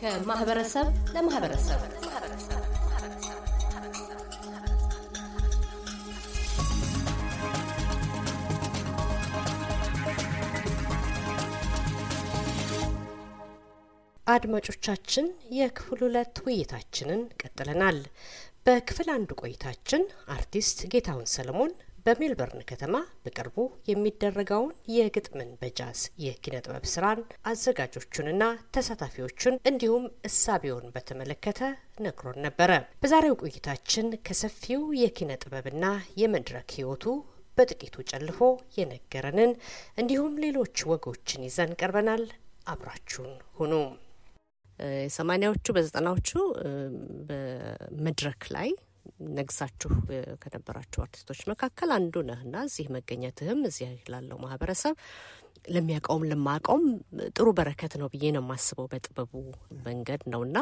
ከማህበረሰብ ለማህበረሰብ አድማጮቻችን የክፍል ሁለት ውይይታችንን ቀጥለናል። በክፍል አንድ ቆይታችን አርቲስት ጌታሁን ሰለሞን በሜልበርን ከተማ በቅርቡ የሚደረገውን የግጥምን በጃዝ የኪነ ጥበብ ስራን አዘጋጆቹንና ተሳታፊዎቹን እንዲሁም እሳቤውን በተመለከተ ነግሮን ነበረ። በዛሬው ቆይታችን ከሰፊው የኪነ ጥበብና የመድረክ ህይወቱ በጥቂቱ ጨልፎ የነገረንን እንዲሁም ሌሎች ወጎችን ይዘን ቀርበናል። አብራችሁን ሁኑም። ሰማኒያዎቹ በዘጠናዎቹ በመድረክ ላይ ነግሳችሁ ከነበራችሁ አርቲስቶች መካከል አንዱ ነህና እዚህ መገኘትህም እዚህ ላለው ማህበረሰብ ለሚያውቀውም ለማውቀውም ጥሩ በረከት ነው ብዬ ነው የማስበው። በጥበቡ መንገድ ነውና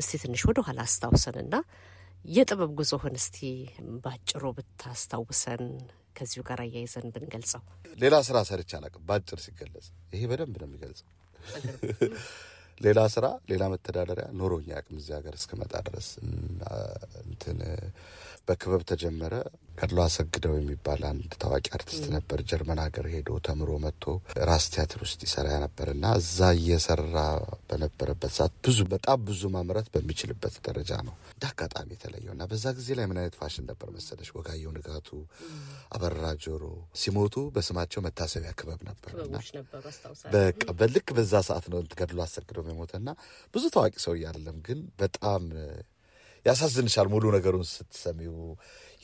እስቲ ትንሽ ወደ ኋላ አስታውሰንና የጥበብ ጉዞህን እስቲ ባጭሩ ብታስታውሰን ከዚሁ ጋር አያይዘን ብንገልጸው። ሌላ ስራ ሰርቼ አላውቅም። ባጭር ሲገለጽ ይሄ በደንብ ነው የሚገልጸው። ሌላ ስራ ሌላ መተዳደሪያ ኖሮኛ አቅም እዚህ ሀገር እስክመጣ ድረስ እንትን በክበብ ተጀመረ። ከድሎ አሰግደው የሚባል አንድ ታዋቂ አርቲስት ነበር። ጀርመን ሀገር ሄዶ ተምሮ መጥቶ ራስ ቲያትር ውስጥ ይሰራ ነበር እና እዛ እየሰራ በነበረበት ሰዓት ብዙ በጣም ብዙ ማምረት በሚችልበት ደረጃ ነው እንደ አጋጣሚ የተለየው እና በዛ ጊዜ ላይ ምን አይነት ፋሽን ነበር መሰለች? ወጋየሁ ንጋቱ፣ አበራ ጆሮ ሲሞቱ በስማቸው መታሰቢያ ክበብ ነበር። በቃ በልክ በዛ ሰዓት ነው ገድሎ አሰግደው የሞተ እና ብዙ ታዋቂ ሰው እያለም ግን በጣም ያሳዝንሻል። ሙሉ ነገሩን ስትሰሚው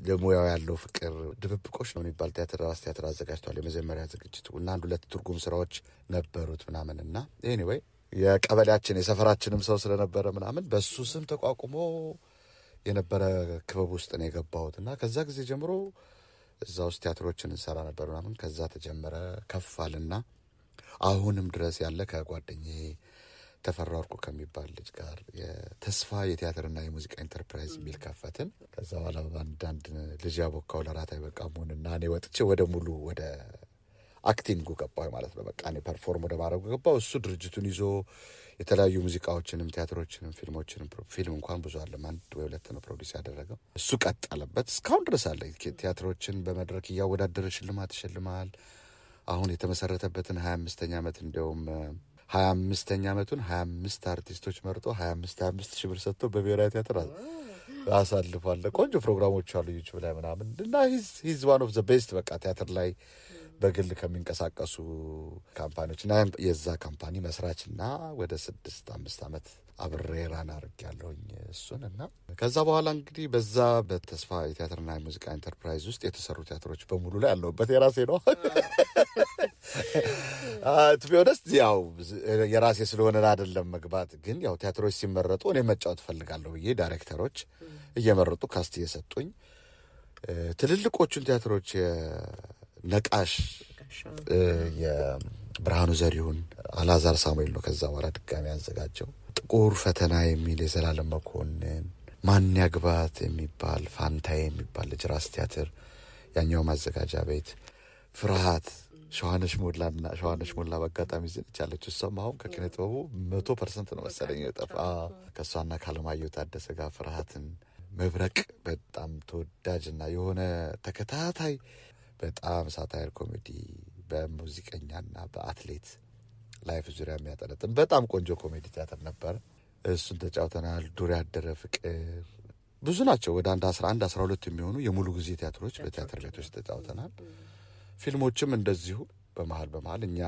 ለሙያው ያለው ፍቅር ድብብቆች ነው የሚባል ቲያትር ራስ ቲያትር አዘጋጅቷል። የመጀመሪያ ዝግጅቱ እና አንድ ሁለት ትርጉም ስራዎች ነበሩት ምናምን እና ኤኒዌይ የቀበሌያችን የሰፈራችንም ሰው ስለነበረ ምናምን በሱ ስም ተቋቁሞ የነበረ ክበብ ውስጥ ነው የገባሁት እና ከዛ ጊዜ ጀምሮ እዛ ውስጥ ቲያትሮችን እንሰራ ነበር ምናምን። ከዛ ተጀመረ ከፋልና አሁንም ድረስ ያለ ከጓደኛዬ ተፈራ ወርቁ ከሚባል ልጅ ጋር የተስፋ የቲያትርና የሙዚቃ ኢንተርፕራይዝ የሚል ከፈትን። ከዛ በኋላ አንዳንድ ልጅ ያቦካው ለራት አይበቃ እና እኔ ወጥቼ ወደ ሙሉ ወደ አክቲንጉ ገባሁ ማለት ነው። በቃ እኔ ፐርፎርም ወደ ማድረጉ ገባሁ። እሱ ድርጅቱን ይዞ የተለያዩ ሙዚቃዎችንም ቲያትሮችንም ፊልሞችንም ፊልም እንኳን ብዙ አለም አንድ ወይ ሁለት ነው ፕሮዲስ ያደረገው እሱ ቀጠለበት። እስካሁን ድረስ አለ። ቲያትሮችን በመድረክ እያወዳደረ ሽልማት ይሸልማል። አሁን የተመሰረተበትን ሀያ አምስተኛ ዓመት እንዲያውም ሀያ አምስተኛ ዓመቱን ሀያ አምስት አርቲስቶች መርጦ ሀያ አምስት ሀያ አምስት ሺህ ብር ሰጥቶ በብሔራዊ ቲያትር አሳልፏል። ቆንጆ ፕሮግራሞች አሉ ዩቲዩብ ላይ ምናምን እና ሂዝ ዋን ኦፍ ዘ ቤስት በቃ ቲያትር ላይ በግል ከሚንቀሳቀሱ ካምፓኒዎች እና የዛ ካምፓኒ መስራች እና ወደ ስድስት አምስት ዓመት አብሬ ራን አድርጌያለሁኝ እሱን እና ከዛ በኋላ እንግዲህ በዛ በተስፋ የቲያትርና የሙዚቃ ኢንተርፕራይዝ ውስጥ የተሰሩ ቲያትሮች በሙሉ ላይ ያለሁበት የራሴ ነው። ቱቢሆነስ uh, ያው የራሴ ስለሆነ አይደለም መግባት፣ ግን ያው ቲያትሮች ሲመረጡ እኔ መጫወት ፈልጋለሁ ብዬ ዳይሬክተሮች እየመረጡ ካስት እየሰጡኝ ትልልቆቹን ቲያትሮች ነቃሽ የብርሃኑ ዘሪሁን፣ አላዛር ሳሙኤል ነው። ከዛ በኋላ ድጋሚ ያዘጋጀው ጥቁር ፈተና የሚል የዘላለም መኮንን፣ ማን ያግባት የሚባል ፋንታዬ የሚባል ልጅ ራስ ቲያትር ያኛው ማዘጋጃ ቤት ፍርሃት ሸዋነሽ ሞላና ሸዋነሽ ሞላ በአጋጣሚ ዝንቻለች። እሷም አሁን ከኪነ ጥበቡ መቶ ፐርሰንት ነው መሰለኝ የጠፋ ከእሷና ካለማየሁ ታደሰ ጋር ፍርሃትን መብረቅ በጣም ተወዳጅና የሆነ ተከታታይ በጣም ሳታየር ኮሜዲ በሙዚቀኛና በአትሌት ላይፍ ዙሪያ የሚያጠለጥም በጣም ቆንጆ ኮሜዲ ቲያትር ነበር። እሱን ተጫውተናል። ዱር ያደረ ፍቅር ብዙ ናቸው። ወደ አንድ አስራ አንድ አስራ ሁለት የሚሆኑ የሙሉ ጊዜ ቲያትሮች በቲያትር ቤቶች ተጫውተናል። ፊልሞችም እንደዚሁ በመሀል በመሀል እኛ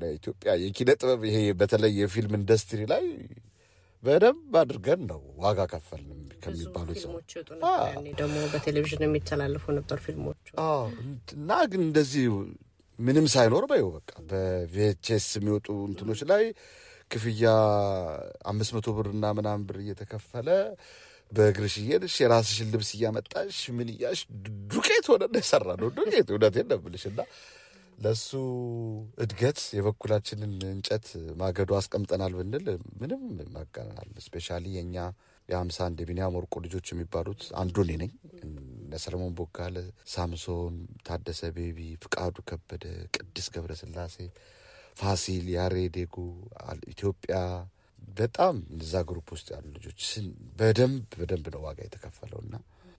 ለኢትዮጵያ የኪነ ጥበብ ይሄ በተለይ የፊልም ኢንዱስትሪ ላይ በደንብ አድርገን ነው ዋጋ ከፈልንም ከሚባሉት ደግሞ በቴሌቪዥን የሚተላለፉ ነበር ፊልሞች እና ግን እንደዚህ ምንም ሳይኖር በይው በቃ በቪኤችኤስ የሚወጡ እንትኖች ላይ ክፍያ አምስት መቶ ብር ምናምን ብር እየተከፈለ በእግርሽ እየሄድሽ የራስሽን ልብስ እያመጣሽ ምን እያልሽ ዱቄት ሆነና የሰራ ነው ዱቄት። እውነት የለብልሽ እና ለእሱ እድገት የበኩላችንን እንጨት ማገዶ አስቀምጠናል ብንል ምንም ማጋናል። ስፔሻሊ የእኛ የሀምሳ አንድ የቢኒያም ወርቁ ልጆች የሚባሉት አንዱ እኔ ነኝ። እነ ሰለሞን ቦጋለ፣ ሳምሶን ታደሰ፣ ቤቢ ፍቃዱ ከበደ፣ ቅድስ ገብረስላሴ፣ ፋሲል፣ ያሬ ዴጉ፣ ኢትዮጵያ በጣም እዛ ግሩፕ ውስጥ ያሉ ልጆች በደንብ በደንብ ነው ዋጋ የተከፈለው እና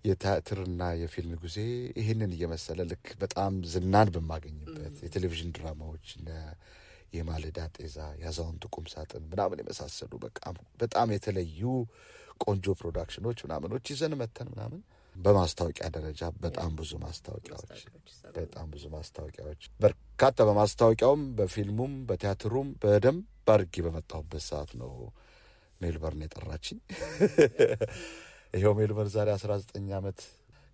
የቲያትርና የፊልም ጊዜ ይህንን እየመሰለ ልክ በጣም ዝናን በማገኝበት የቴሌቪዥን ድራማዎች የማለዳ ጤዛ፣ የአዛውንት ቁም ሳጥን ምናምን የመሳሰሉ በጣም የተለዩ ቆንጆ ፕሮዳክሽኖች ምናምኖች ይዘን መተን ምናምን በማስታወቂያ ደረጃ በጣም ብዙ ማስታወቂያዎች በጣም ብዙ ማስታወቂያዎች በርካታ በማስታወቂያውም በፊልሙም በቲያትሩም በደንብ አርጌ በመጣሁበት ሰዓት ነው ሜልበርን የጠራችኝ። ይኸው ሜልበርን ዛሬ 19 ዓመት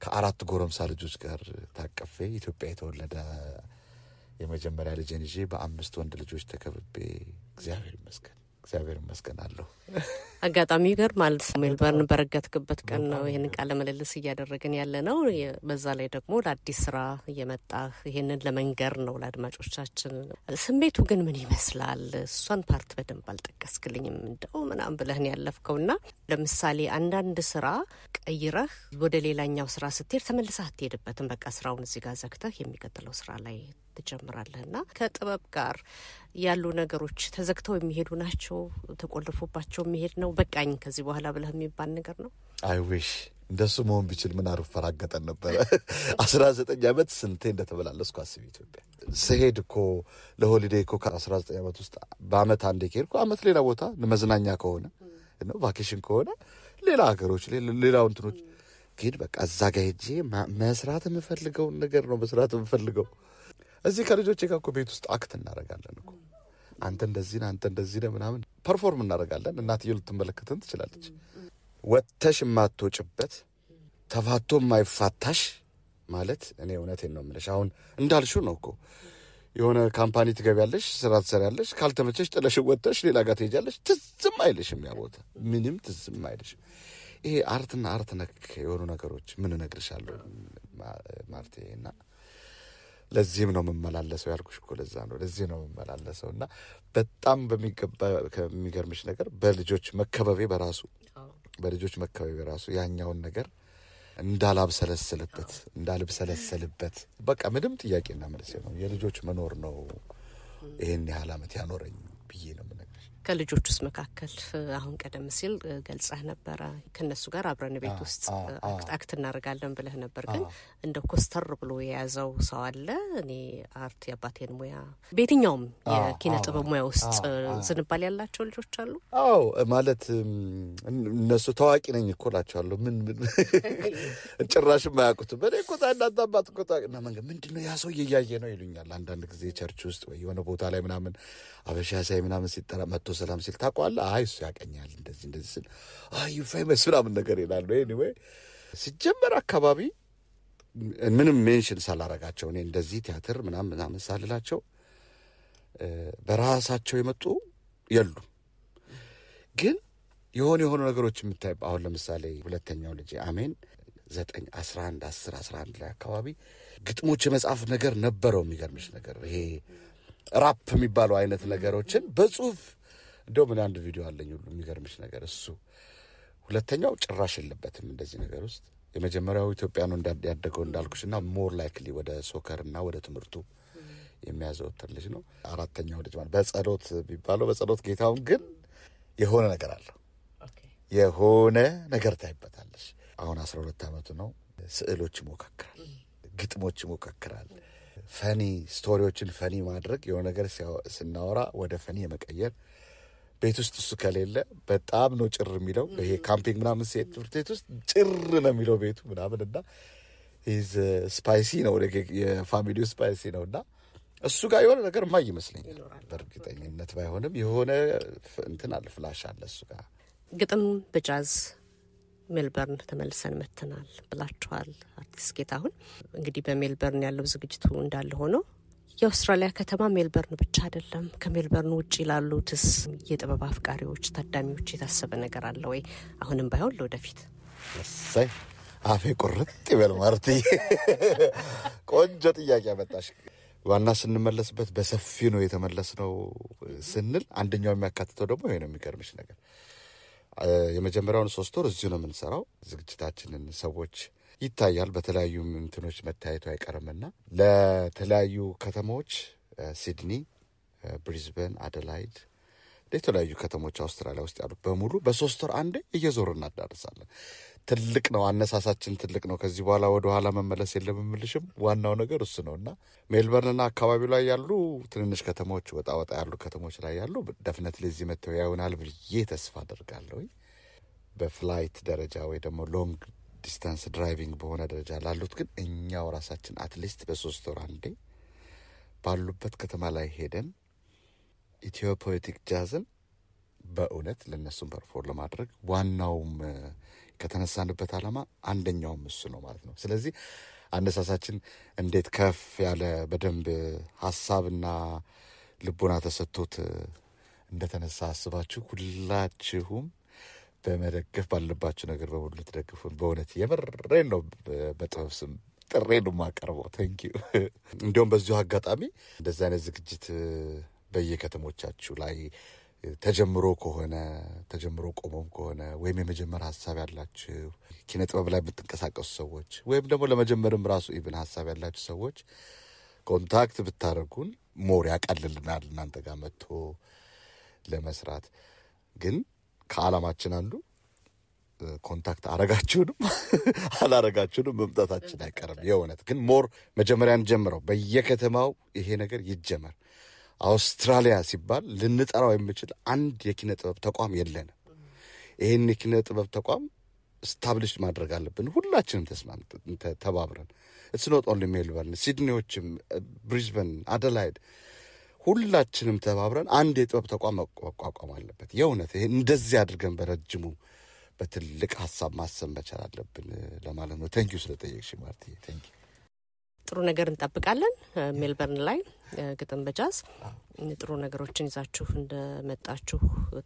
ከአራት ጎረምሳ ልጆች ጋር ታቀፌ ኢትዮጵያ የተወለደ የመጀመሪያ ልጄን ይዤ በአምስት ወንድ ልጆች ተከብቤ እግዚአብሔር ይመስገን እግዚአብሔር ይመስገን አለሁ። አጋጣሚ ማለት ሜልበርን በረገትክበት ቀን ነው ይህንን ቃለ ምልልስ እያደረግን ያለ ነው። በዛ ላይ ደግሞ ለአዲስ ስራ እየመጣህ ይህንን ለመንገር ነው ለአድማጮቻችን። ስሜቱ ግን ምን ይመስላል? እሷን ፓርት በደንብ አልጠቀስክልኝም። እንደው ምናምን ብለህን ያለፍከው እና ለምሳሌ አንዳንድ ስራ ቀይረህ ወደ ሌላኛው ስራ ስትሄድ ተመልሰህ አትሄድበትም። በቃ ስራውን እዚህ ጋር ዘግተህ የሚቀጥለው ስራ ላይ ትጀምራለህ እና ከጥበብ ጋር ያሉ ነገሮች ተዘግተው የሚሄዱ ናቸው። ተቆልፎባቸው የሚሄድ ነው። በቃኝ ከዚህ በኋላ ብለህ የሚባል ነገር ነው። አይ ዊሽ እንደሱ መሆን ቢችል ምን አርፈራገጠን ነበረ። አስራ ዘጠኝ ዓመት ስንቴ እንደተመላለስኩ አስብ። ኢትዮጵያ ስሄድ እኮ ለሆሊዴ እኮ ከአስራ ዘጠኝ ዓመት ውስጥ በአመት አንዴ ከሄድኩ አመት ሌላ ቦታ ለመዝናኛ ከሆነ ነው ቫኬሽን ከሆነ ሌላ ሀገሮች ሌላው እንትኖች ግን በቃ እዛ ጋ ሄጄ መስራት የምፈልገውን ነገር ነው መስራት የምፈልገው። እዚህ ከልጆቼ ጋር እኮ ቤት ውስጥ አክት እናደርጋለን እኮ አንተ እንደዚህ ነህ፣ አንተ እንደዚህ ነህ ምናምን ፐርፎርም እናደርጋለን። እናትየው ልትመለከተን ትችላለች። ወጥተሽ የማትወጭበት ተፋቶ የማይፋታሽ ማለት እኔ እውነቴን ነው የምልሽ። አሁን እንዳልሽው ነው እኮ የሆነ ካምፓኒ ትገቢያለሽ፣ ስራ ትሰሪያለሽ። ካልተመቸሽ ጥለሽ ወጥተሽ ሌላ ጋር ትሄጃለሽ። ትዝም አይልሽም ያ ቦታ ምንም ትዝም አይልሽም። ይሄ አርትና አርት ነክ የሆኑ ነገሮች ምን እነግርሻለሁ ማርቴ እና ለዚህም ነው የምመላለሰው ያልኩሽ እኮ ለዛ ነው። ለዚህ ነው የምመላለሰው እና በጣም በሚገባ ከሚገርምሽ ነገር በልጆች መከበቤ በራሱ በልጆች መከበቤ በራሱ ያኛውን ነገር እንዳላብሰለስልበት እንዳልብሰለስልበት በቃ ምንም ጥያቄና መልስ ነው የልጆች መኖር ነው ይህን ያህል አመት ያኖረኝ ብዬ ነው ከልጆች ውስጥ መካከል አሁን ቀደም ሲል ገልጸህ ነበረ ከነሱ ጋር አብረን ቤት ውስጥ አክት እናደርጋለን ብለህ ነበር። ግን እንደ ኮስተር ብሎ የያዘው ሰው አለ። እኔ አርት የአባቴን ሙያ በየትኛውም የኪነ ጥበብ ሙያ ውስጥ ዝንባል ያላቸው ልጆች አሉ። አዎ ማለት እነሱ ታዋቂ ነኝ እኮ እላቸዋለሁ። ምን ምን ጭራሽ የማያውቁትም በእኔ እኮ እናት አባት እኮ እና መንገድ ምንድን ነው ያ ሰው እየያየ ነው ይሉኛል። አንዳንድ ጊዜ ቸርች ውስጥ ወይ የሆነ ቦታ ላይ ምናምን አበሻ ሳይ ምናምን ሲጠራ መጥቶ ሰላም ሲል ታውቀዋለህ? አይ እሱ ያቀኛል እንደዚህ እንደዚህ ስል አዩ ፌመስ ምናምን ነገር ይላሉ። ኤኒዌይ ሲጀመር አካባቢ ምንም ሜንሽን ሳላረጋቸው እኔ እንደዚህ ቲያትር ምናምን ምናምን ሳልላቸው በራሳቸው የመጡ የሉ ግን የሆኑ የሆኑ ነገሮች የምታይ አሁን ለምሳሌ ሁለተኛው ልጅ አሜን ዘጠኝ አስራ አንድ አስር አስራ አንድ ላይ አካባቢ ግጥሞች የመጽሐፍ ነገር ነበረው። የሚገርምሽ ነገር ይሄ ራፕ የሚባለው አይነት ነገሮችን በጽሁፍ እንደውም እኔ አንድ ቪዲዮ አለኝ ሁሉ የሚገርምሽ ነገር እሱ። ሁለተኛው ጭራሽ የለበትም እንደዚህ ነገር ውስጥ የመጀመሪያው ኢትዮጵያ ነው ያደገው እንዳልኩሽ እና ሞር ላይክሊ ወደ ሶከር እና ወደ ትምህርቱ የሚያዘወትር ልጅ ነው። አራተኛው ልጅ ማለት በጸሎት ቢባለው በጸሎት ጌታውን ግን የሆነ ነገር አለው የሆነ ነገር ታይበታለች አሁን አስራ ሁለት ዓመቱ ነው። ስዕሎች ይሞካክራል፣ ግጥሞች ይሞካክራል። ፈኒ ስቶሪዎችን ፈኒ ማድረግ የሆነ ነገር ስናወራ ወደ ፈኒ የመቀየር ቤት ውስጥ እሱ ከሌለ በጣም ነው ጭር የሚለው። ይሄ ካምፒንግ ምናምን ሲሄድ ትምህርት ቤት ውስጥ ጭር ነው የሚለው ቤቱ ምናምን እና ስፓይሲ uh, ነው የፋሚሊው ስፓይሲ ነው እና እሱ ጋር የሆነ ነገር ማ ይመስለኛል። በእርግጠኝነት ባይሆንም የሆነ እንትን አለ ፍላሽ አለ እሱ ጋር። ግጥም በጃዝ ሜልበርን ተመልሰን መጥተናል ብላችኋል አርቲስት ጌታሁን። እንግዲህ በሜልበርን ያለው ዝግጅቱ እንዳለ ሆነው የአውስትራሊያ ከተማ ሜልበርን ብቻ አይደለም። ከሜልበርን ውጭ ላሉትስ የጥበብ አፍቃሪዎች፣ ታዳሚዎች የታሰበ ነገር አለ ወይ? አሁንም ባይሆን ለወደፊት ሳይ አፌ ቁርጥ ይበል ማርቲ ቆንጆ ጥያቄ አመጣሽ። ዋና ስንመለስበት በሰፊ ነው የተመለስነው ስንል አንደኛው የሚያካትተው ደግሞ ይሄ ነው። የሚገርምሽ ነገር የመጀመሪያውን ሶስት ወር እዚሁ ነው የምንሰራው ዝግጅታችንን ሰዎች ይታያል። በተለያዩ እንትኖች መታየቱ አይቀርምና ለተለያዩ ከተሞች ሲድኒ፣ ብሪዝበን፣ አደላይድ የተለያዩ ከተሞች አውስትራሊያ ውስጥ ያሉ በሙሉ በሶስት ወር አንዴ እየዞር እናዳርሳለን። ትልቅ ነው፣ አነሳሳችን ትልቅ ነው። ከዚህ በኋላ ወደ ኋላ መመለስ የለም። ምልሽም ዋናው ነገር እሱ ነው እና ሜልበርንና አካባቢው ላይ ያሉ ትንንሽ ከተሞች፣ ወጣ ወጣ ያሉ ከተሞች ላይ ያሉ ደፍነት ለዚህ መተው ያዩናል ብዬ ተስፋ አደርጋለሁ። በፍላይት ደረጃ ወይ ደግሞ ሎንግ ዲስታንስ ድራይቪንግ በሆነ ደረጃ ላሉት ግን እኛው ራሳችን አትሊስት በሶስት ወር አንዴ ባሉበት ከተማ ላይ ሄደን ኢትዮፖቲክ ጃዝን በእውነት ለእነሱም ፐርፎርም ለማድረግ ዋናውም ከተነሳንበት ዓላማ አንደኛውም እሱ ነው ማለት ነው። ስለዚህ አነሳሳችን እንዴት ከፍ ያለ በደንብ ሀሳብና ልቦና ተሰጥቶት እንደተነሳ አስባችሁ ሁላችሁም በመደገፍ ባለባቸው ነገር በሙሉ ልትደግፉን በእውነት የምሬን ነው በጥበብ ስም ጥሬ ነው የማቀርበው። ተንኪዩ። እንዲሁም በዚሁ አጋጣሚ እንደዚ አይነት ዝግጅት በየከተሞቻችሁ ላይ ተጀምሮ ከሆነ ተጀምሮ ቆሞም ከሆነ ወይም የመጀመር ሀሳብ ያላችሁ ኪነ ጥበብ ላይ የምትንቀሳቀሱ ሰዎች ወይም ደግሞ ለመጀመርም ራሱ ኢቭን ሀሳብ ያላችሁ ሰዎች ኮንታክት ብታደርጉን ሞር ያቀልልናል እናንተ ጋር መጥቶ ለመስራት ግን ከዓላማችን አንዱ ኮንታክት አረጋችሁንም አላረጋችሁንም መምጣታችን አይቀርም። የእውነት ግን ሞር መጀመሪያ እንጀምረው። በየከተማው ይሄ ነገር ይጀመር። አውስትራሊያ ሲባል ልንጠራው የምችል አንድ የኪነ ጥበብ ተቋም የለንም። ይህን የኪነ ጥበብ ተቋም ስታብሊሽ ማድረግ አለብን። ሁላችንም ተስማምተን ተባብረን ስኖጦን ሜልበርን፣ ሲድኒዎችም፣ ብሪዝበን፣ አደላይድ ሁላችንም ተባብረን አንድ የጥበብ ተቋም መቋቋም አለበት። የእውነት ይህ እንደዚህ አድርገን በረጅሙ በትልቅ ሀሳብ ማሰብ መቻል አለብን ለማለት ነው። ተንኪዩ ስለጠየቅሽ ማርትዬ ተንኪዩ። ጥሩ ነገር እንጠብቃለን። ሜልበርን ላይ ግጥም በጃዝ ጥሩ ነገሮችን ይዛችሁ እንደመጣችሁ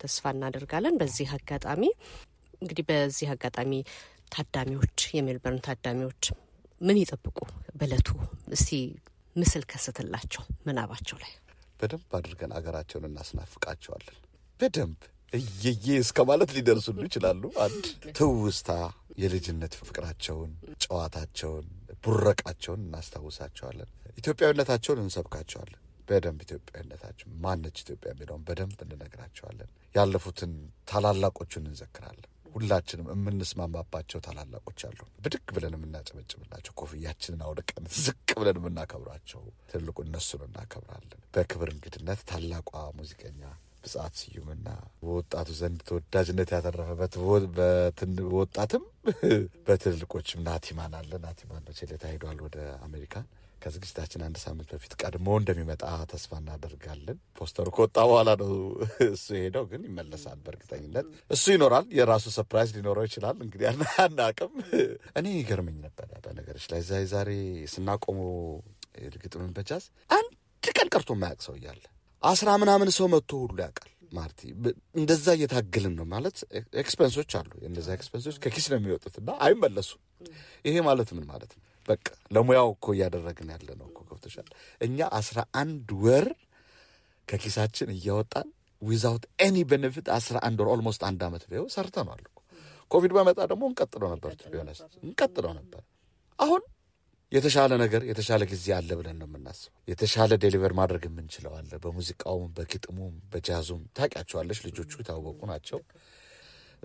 ተስፋ እናደርጋለን። በዚህ አጋጣሚ እንግዲህ በዚህ አጋጣሚ ታዳሚዎች፣ የሜልበርን ታዳሚዎች ምን ይጠብቁ በእለቱ እስቲ ምስል ከስትላቸው ምናባቸው ላይ በደንብ አድርገን አገራቸውን እናስናፍቃቸዋለን። በደንብ እየዬ እስከ ማለት ሊደርሱሉ ይችላሉ። አንድ ትውስታ የልጅነት ፍቅራቸውን፣ ጨዋታቸውን፣ ቡረቃቸውን እናስታውሳቸዋለን። ኢትዮጵያዊነታቸውን እንሰብካቸዋለን። በደንብ ኢትዮጵያዊነታቸው ማነች ኢትዮጵያ የሚለውን በደንብ እንነግራቸዋለን። ያለፉትን ታላላቆቹን እንዘክራለን። ሁላችንም የምንስማማባቸው ታላላቆች አሉ። ብድግ ብለን የምናጨበጭብላቸው፣ ኮፍያችንን አውልቀን ዝቅ ብለን የምናከብራቸው ትልቁ እነሱን እናከብራለን። በክብር እንግድነት ታላቋ ሙዚቀኛ ብጻት ስዩምና በወጣቱ ዘንድ ተወዳጅነት ያተረፈበት በወጣትም በትልልቆችም ናቲማን አለ። ናቲማን ነው ዕለት ሄዷል ወደ አሜሪካን ከዝግጅታችን አንድ ሳምንት በፊት ቀድሞ እንደሚመጣ ተስፋ እናደርጋለን። ፖስተሩ ከወጣ በኋላ ነው እሱ ሄደው፣ ግን ይመለሳል በእርግጠኝነት። እሱ ይኖራል፣ የራሱ ሰፕራይዝ ሊኖረው ይችላል። እንግዲህ አናቅም። እኔ ይገርመኝ ነበረ በነገሮች ላይ ዛ ዛሬ ስናቆሙ ግጥምን በጃዝ አንድ ቀን ቀርቶ የማያውቅ ሰው እያለ አስራ ምናምን ሰው መጥቶ ሁሉ ያውቃል። ማርቲ እንደዛ እየታገልን ነው ማለት ኤክስፐንሶች አሉ። እነዛ ኤክስፐንሶች ከኪስ ነው የሚወጡትና አይመለሱም። ይሄ ማለት ምን ማለት ነው? በቃ ለሙያው እኮ እያደረግን ያለ ነው እኮ ገብቶሻል። እኛ አስራ አንድ ወር ከኪሳችን እያወጣን ዊዛውት ኤኒ ቤኔፊት አስራ አንድ ወር ኦልሞስት አንድ ዓመት ቢሆ ሰርተነዋል። ኮቪድ በመጣ ደግሞ እንቀጥለው ነበር ቢሆነስ እንቀጥለው ነበር። አሁን የተሻለ ነገር የተሻለ ጊዜ አለ ብለን ነው የምናስበው። የተሻለ ዴሊቨር ማድረግ የምንችለው አለ። በሙዚቃውም፣ በግጥሙም፣ በጃዙም ታውቂያቸዋለሽ። ልጆቹ የታወቁ ናቸው።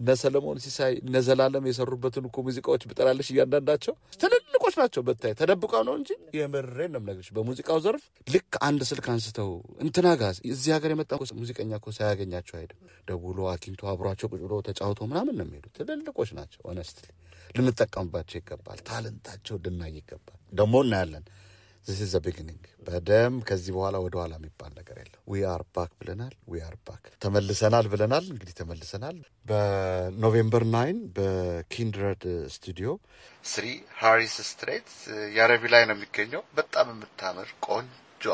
እነ ሰለሞን ሲሳይ እነ ዘላለም የሰሩበትን እኮ ሙዚቃዎች ብጠራለሽ እያንዳንዳቸው ትልልቆች ናቸው። በታይ ተደብቀው ነው እንጂ የምሬ ነው የምነግርሽ። በሙዚቃው ዘርፍ ልክ አንድ ስልክ አንስተው እንትና ጋር እዚህ ሀገር የመጣ ሙዚቀኛ እኮ ሳያገኛቸው አይሄድም። ደውሎ አግኝቶ አብሯቸው ቁጭ ብሎ ተጫውቶ ምናምን ነው የሚሄዱ። ትልልቆች ናቸው። ኦነስትሊ ልንጠቀምባቸው ይገባል። ታለንታቸው ድናይ ይገባል። ደግሞ እናያለን ዚስ ዘ ቢግኒንግ። በደምብ ከዚህ በኋላ ወደ ኋላ የሚባል ነገር የለም። ዊ አር ባክ ብለናል። ዊ አር ባክ ተመልሰናል ብለናል። እንግዲህ ተመልሰናል። በኖቬምበር ናይን በኪንድረድ ስቱዲዮ ስሪ ሃሪስ ስትሬት የአረቢ ላይ ነው የሚገኘው። በጣም የምታምር ቆንጆ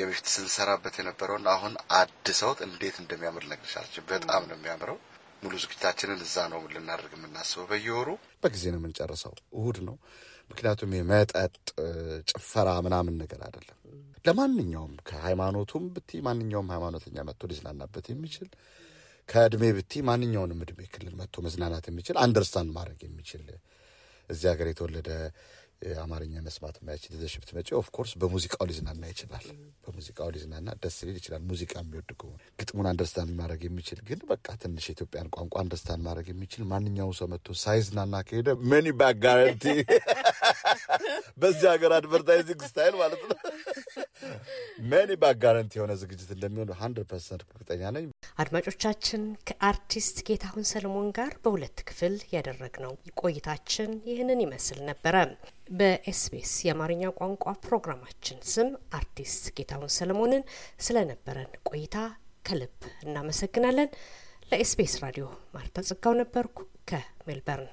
የበፊት ስንሰራበት የነበረውን አሁን አድሰውት እንዴት እንደሚያምር ነግርሻለች። በጣም ነው የሚያምረው። ሙሉ ዝግጅታችንን እዛ ነው ልናደርግ የምናስበው። በየወሩ በጊዜ ነው የምንጨርሰው። እሁድ ነው ምክንያቱም የመጠጥ ጭፈራ ምናምን ነገር አይደለም። ለማንኛውም ከሃይማኖቱም ብቲ ማንኛውም ሃይማኖተኛ መጥቶ ሊዝናናበት የሚችል ከእድሜ ብቲ ማንኛውንም እድሜ ክልል መጥቶ መዝናናት የሚችል አንደርስታንድ ማድረግ የሚችል እዚህ ሀገር የተወለደ አማርኛ መስማት የማይችል ዘሽብት መጪ ኦፍኮርስ በሙዚቃው ሊዝናና ይችላል። በሙዚቃው ሊዝናና ደስ ሊል ይችላል። ሙዚቃ የሚወድ ከሆነ ግጥሙን አንደርስታንድ ማድረግ የሚችል ግን በቃ ትንሽ የኢትዮጵያን ቋንቋ አንደርስታንድ ማድረግ የሚችል ማንኛውም ሰው መጥቶ ሳይዝናና ከሄደ መኒ ባክ ጋረንቲ በዚህ ሀገር አድቨርታይዚንግ ስታይል ማለት ነው። መኒ ጋረንቲ የሆነ ዝግጅት እንደሚሆን ሀንድረድ ፐርሰንት እርግጠኛ ነኝ። አድማጮቻችን ከአርቲስት ጌታሁን ሰለሞን ጋር በሁለት ክፍል ያደረግነው ቆይታችን ይህንን ይመስል ነበረ። በኤስቢኤስ የአማርኛ ቋንቋ ፕሮግራማችን ስም አርቲስት ጌታሁን ሰለሞንን ስለነበረን ቆይታ ከልብ እናመሰግናለን። ለኤስቢኤስ ራዲዮ ማርታ ጽጋው ነበርኩ ከሜልበርን።